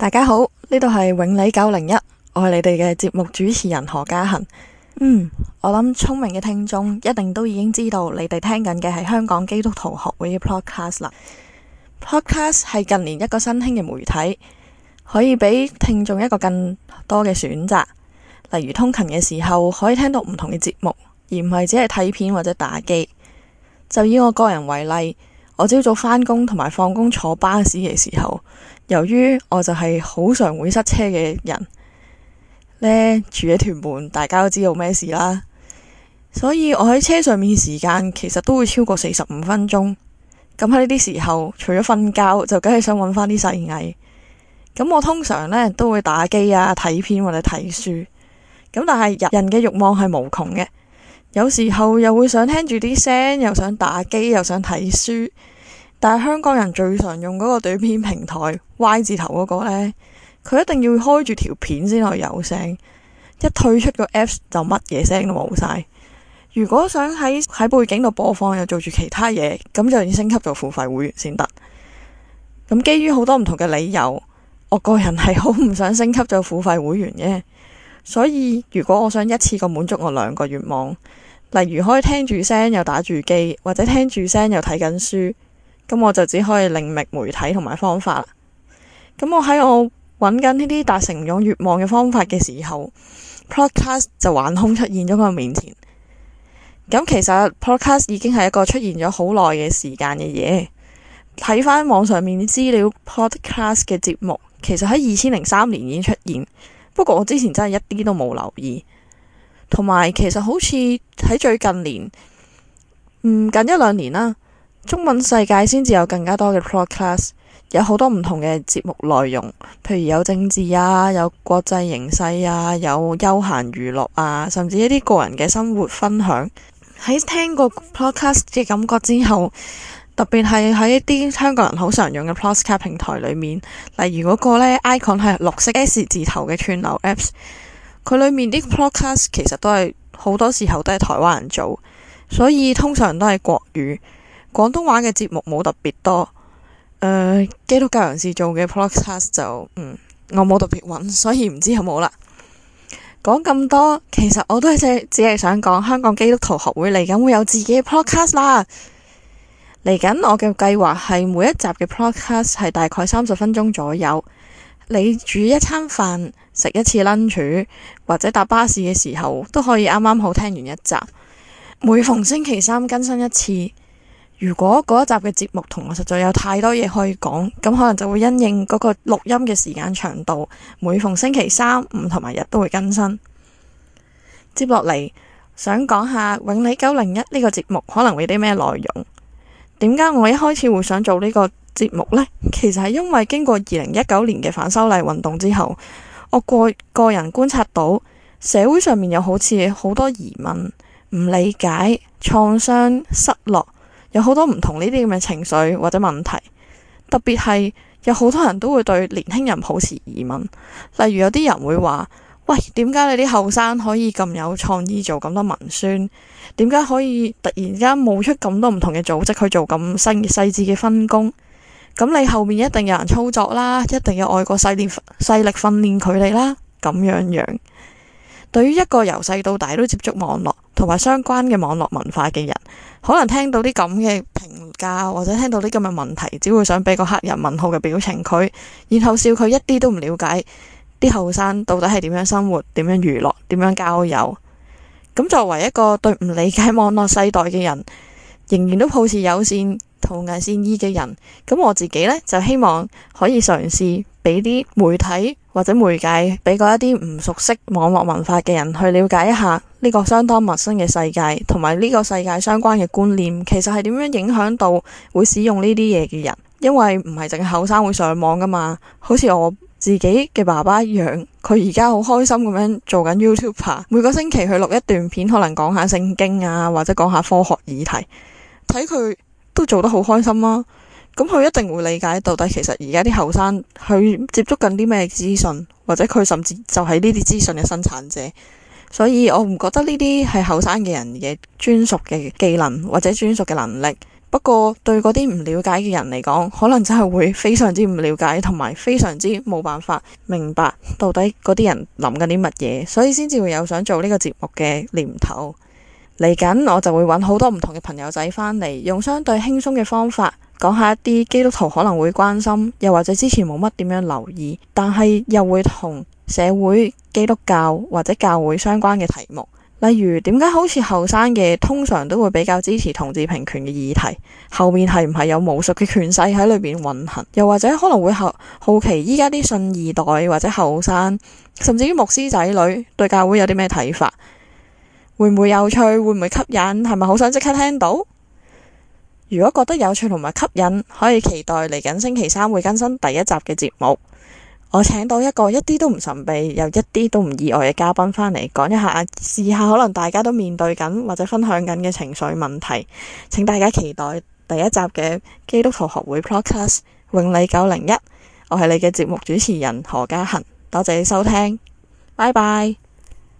大家好，呢度係永利九零一，我係你哋嘅節目主持人何家恒。嗯，我諗聰明嘅聽眾一定都已經知道，你哋聽緊嘅係香港基督徒學會嘅 podcast 啦。podcast 係近年一個新興嘅媒體，可以俾聽眾一個更多嘅選擇，例如通勤嘅時候可以聽到唔同嘅節目，而唔係只係睇片或者打機。就以我個人為例。我朝早返工同埋放工坐巴士嘅時候，由於我就係好常會塞車嘅人呢，住喺屯門，大家都知道咩事啦。所以我喺車上面時間其實都會超過四十五分鐘。咁喺呢啲時候，除咗瞓覺，就梗係想搵翻啲細藝。咁我通常呢都會打機啊、睇片、或者睇書。咁但係人人嘅慾望係無窮嘅。有時候又會想聽住啲聲，又想打機，又想睇書。但係香港人最常用嗰個短片平台 Y 字頭嗰個呢，佢一定要開住條片先可以有聲。一退出個 apps 就乜嘢聲都冇晒。如果想喺喺背景度播放又做住其他嘢，咁就要升級做付費會員先得。咁基於好多唔同嘅理由，我個人係好唔想升級做付費會員嘅。所以如果我想一次過滿足我兩個願望，例如可以聽住聲又打住機，或者聽住聲又睇緊書，咁我就只可以另覓媒體同埋方法啦。咁我喺我揾緊呢啲達成唔到願望嘅方法嘅時候，podcast 就橫空出現咗我面前。咁其實 podcast 已經係一個出現咗好耐嘅時間嘅嘢。睇翻網上面啲資料，podcast 嘅節目其實喺二千零三年已經出現。不過我之前真係一啲都冇留意，同埋其實好似喺最近年唔、嗯、近一兩年啦，中文世界先至有更加多嘅 Podcast，有好多唔同嘅節目內容，譬如有政治啊，有國際形勢啊，有休閒娛樂啊，甚至一啲個人嘅生活分享。喺聽過 Podcast 嘅感覺之後。特別係喺一啲香港人好常用嘅 Plus 卡平台裏面，例如嗰個呢 icon 係綠色 S 字頭嘅串流 apps，佢裏面啲 podcast 其實都係好多時候都係台灣人做，所以通常都係國語，廣東話嘅節目冇特別多。呃，基督教人士做嘅 podcast 就嗯，我冇特別搵，所以唔知好唔好啦。講咁多，其實我都係只只係想講香港基督徒學會嚟緊會有自己嘅 podcast 啦。嚟緊，我嘅計劃係每一集嘅 podcast 係大概三十分鐘左右。你煮一餐飯，食一次 lunch，或者搭巴士嘅時候都可以啱啱好聽完一集。每逢星期三更新一次。如果嗰一集嘅節目同我實在有太多嘢可以講，咁可能就會因應嗰個錄音嘅時間長度。每逢星期三、五同埋日都會更新。接落嚟想講下《永利九零一》呢個節目可能會有啲咩內容？點解我一開始會想做呢個節目呢？其實係因為經過二零一九年嘅反修例運動之後，我個個人觀察到社會上面有好似好多疑問、唔理解、創傷、失落，有好多唔同呢啲咁嘅情緒或者問題。特別係有好多人都會對年輕人抱持疑問，例如有啲人會話：喂，點解你啲後生可以咁有創意做咁多文宣？點解可以突然間冒出咁多唔同嘅組織去做咁新嘅細緻嘅分工？咁你後面一定有人操作啦，一定有外國勢力勢力訓練佢哋啦，咁樣樣樣。對於一個由細到大都接觸網絡同埋相關嘅網絡文化嘅人，可能聽到啲咁嘅評價或者聽到啲咁嘅問題，只會想俾個黑人問號嘅表情佢，然後笑佢一啲都唔了解。啲後生到底係點樣生活？點樣娛樂？點樣交友？咁作為一個對唔理解網絡世代嘅人，仍然都抱持友善、同顏善意嘅人，咁我自己呢，就希望可以嘗試俾啲媒體或者媒介俾嗰一啲唔熟悉網絡文化嘅人去了解一下呢個相當陌生嘅世界，同埋呢個世界相關嘅觀念，其實係點樣影響到會使用呢啲嘢嘅人？因為唔係淨係後生會上網噶嘛，好似我。自己嘅爸爸一樣，佢，而家好開心咁樣做緊 YouTuber，每個星期佢錄一段片，可能講下聖經啊，或者講下科學議題，睇佢都做得好開心啦，啊。咁佢一定會理解到底其實而家啲後生佢接觸緊啲咩資訊，或者佢甚至就係呢啲資訊嘅生產者。所以我唔覺得呢啲係後生嘅人嘅專屬嘅技能或者專屬嘅能力。不過對嗰啲唔了解嘅人嚟講，可能真係會非常之唔了解，同埋非常之冇辦法明白到底嗰啲人諗緊啲乜嘢，所以先至會有想做呢個節目嘅念頭。嚟緊我就會揾好多唔同嘅朋友仔返嚟，用相對輕鬆嘅方法講下一啲基督徒可能會關心，又或者之前冇乜點樣留意，但係又會同社會基督教或者教會相關嘅題目。例如，點解好似後生嘅通常都會比較支持同志平權嘅議題？後面係唔係有巫術嘅權勢喺裏邊運行？又或者可能會好好奇依家啲信二代或者後生，甚至於牧師仔女對教會有啲咩睇法？會唔會有趣？會唔會吸引？係咪好想即刻聽到？如果覺得有趣同埋吸引，可以期待嚟緊星期三會更新第一集嘅節目。我請到一個一啲都唔神秘又一啲都唔意外嘅嘉賓返嚟講一下，試下可能大家都面對緊或者分享緊嘅情緒問題，請大家期待第一集嘅基督徒學會 Podcast 永利九零一。我係你嘅節目主持人何嘉恒，多謝你收聽，拜拜。